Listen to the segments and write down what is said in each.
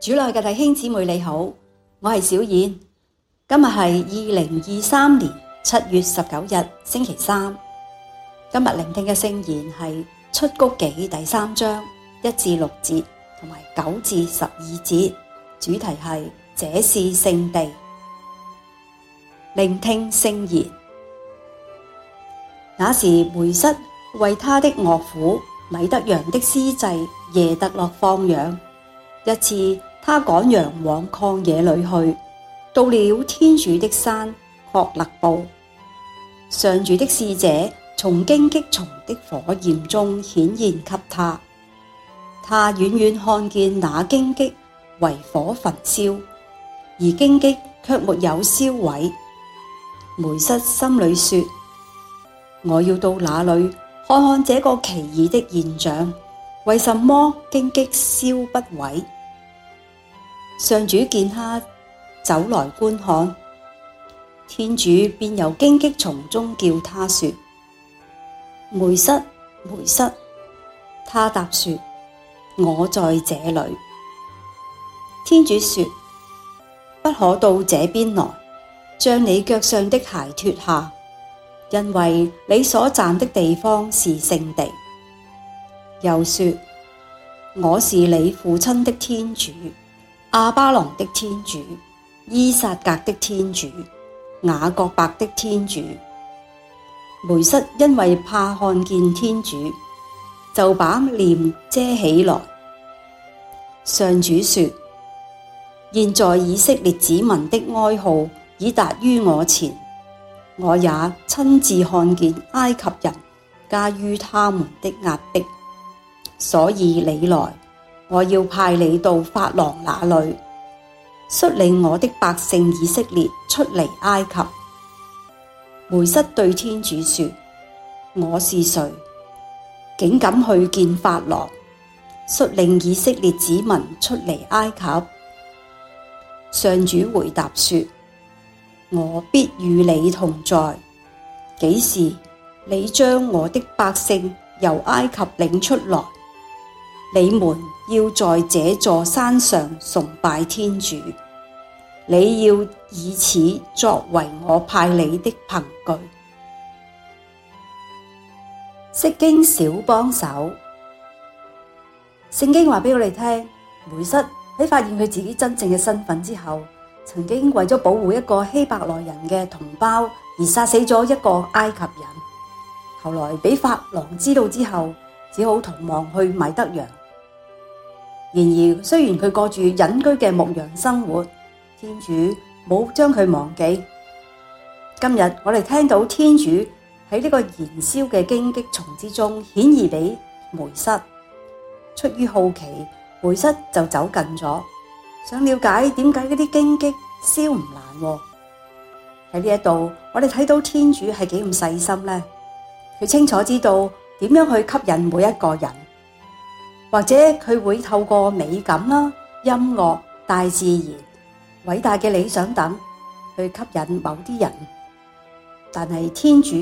主內嘅弟兄姊妹你好，我係小燕，今日係二零二三年七月十九日星期三。今日聆聽嘅聖言係出谷記第三章一至六節同埋九至十二節，主題係這是聖地。聆聽聖言，那時梅瑟為他的岳父米德揚的司祭耶特洛放羊一次。他趕羊往曠野裏去，到了天主的山曷勒布，上主的使者從荊棘叢的火焰中顯現給他。他遠遠看見那荊棘為火焚燒，而荊棘卻沒有燒毀。梅瑟心裏說：我要到那裏看看這個奇異的現象，為什麼荊棘燒不毀？上主見他走來觀看，天主便由荊棘叢中叫他說：梅失！梅失！他答說：我在這裏。天主說：不可到這邊來，將你腳上的鞋脫下，因為你所站的地方是聖地。又說：我是你父親的天主。亞巴郎的天主、伊撒格的天主、雅各伯的天主，梅瑟因為怕看見天主，就把臉遮起來。上主說：現在以色列子民的哀號已達於我前，我也親自看見埃及人加於他們的壓迫，所以你來。我要派你到法郎那裏，率領我的百姓以色列出離埃及。梅瑟對天主說：我是誰，竟敢去見法郎，率領以色列子民出離埃及？上主回答說：我必與你同在，幾時你將我的百姓由埃及領出來，你們要在這座山上崇拜天主，你要以此作為我派你的憑據。釋經小幫手，聖經話俾我哋聽，梅瑟喺發現佢自己真正嘅身份之後，曾經為咗保護一個希伯來人嘅同胞而殺死咗一個埃及人，後來俾法郎知道之後，只好逃亡去米德揚。」然而，雖然佢過住隱居嘅牧羊生活，天主冇將佢忘記。今日我哋聽到天主喺呢個燃燒嘅荊棘叢之中，顯現畀梅瑟。出於好奇，梅瑟就走近咗，想了解點解嗰啲荊棘燒唔爛。喺呢一度，我哋睇到天主係幾咁細心呢？佢清楚知道點樣去吸引每一個人。或者佢會透過美感啦、音樂、大自然、偉大嘅理想等去吸引某啲人，但係天主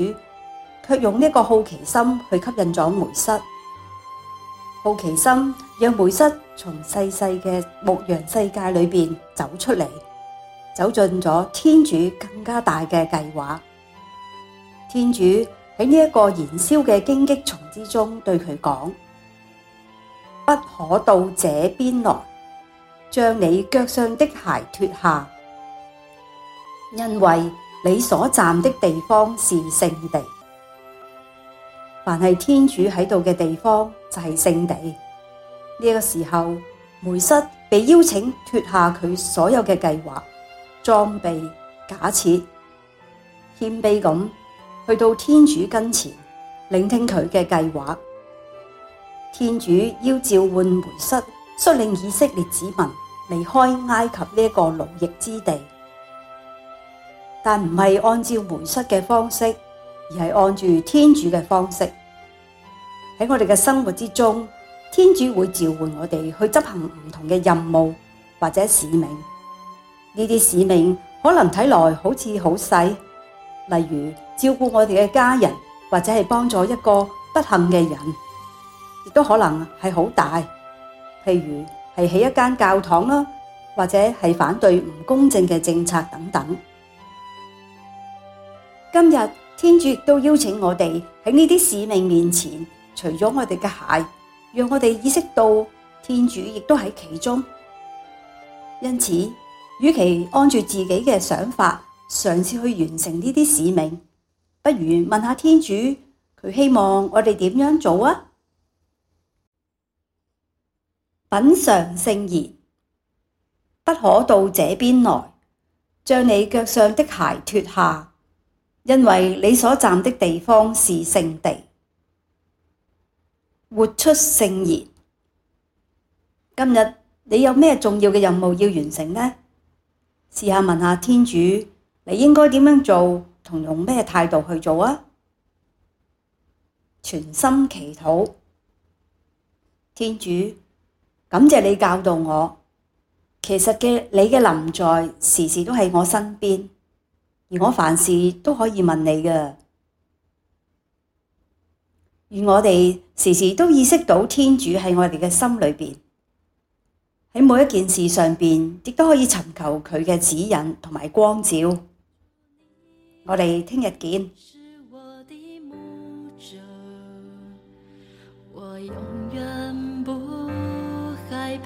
卻用呢一個好奇心去吸引咗梅瑟。好奇心讓梅瑟從細細嘅牧羊世界裏面走出嚟，走進咗天主更加大嘅計劃。天主喺呢一個燃燒嘅荊棘叢之中對佢講。不可到這邊來，將你腳上的鞋脫下，因為你所站的地方是聖地。凡係天主喺度嘅地方就係聖地。呢個時候，梅瑟被邀請脫下佢所有嘅計劃、裝備、假設，謙卑咁去到天主跟前，聆聽佢嘅計劃。天主要召喚梅瑟，率領以色列子民離開埃及呢個奴役之地，但唔係按照梅瑟嘅方式，而係按住天主嘅方式。喺我哋嘅生活之中，天主會召喚我哋去執行唔同嘅任務或者使命。呢啲使命可能睇來好似好細，例如照顧我哋嘅家人，或者係幫助一個不幸嘅人。亦都可能係好大，譬如係起一間教堂啦，或者係反對唔公正嘅政策等等。今日天主亦都邀請我哋喺呢啲使命面前，除咗我哋嘅鞋，讓我哋意識到天主亦都喺其中。因此，與其按住自己嘅想法嘗試去完成呢啲使命，不如問下天主佢希望我哋點樣做啊？品嚐聖言，不可到這邊來，將你腳上的鞋脱下，因為你所站的地方是聖地。活出聖言，今日你有咩重要嘅任務要完成呢？試下問下天主，你應該點樣做，同用咩態度去做啊？全心祈禱，天主。感謝你教導我，其實嘅你嘅臨在時時都喺我身邊，而我凡事都可以問你嘅。而我哋時時都意識到天主喺我哋嘅心裏邊，喺每一件事上邊亦都可以尋求佢嘅指引同埋光照。我哋聽日見。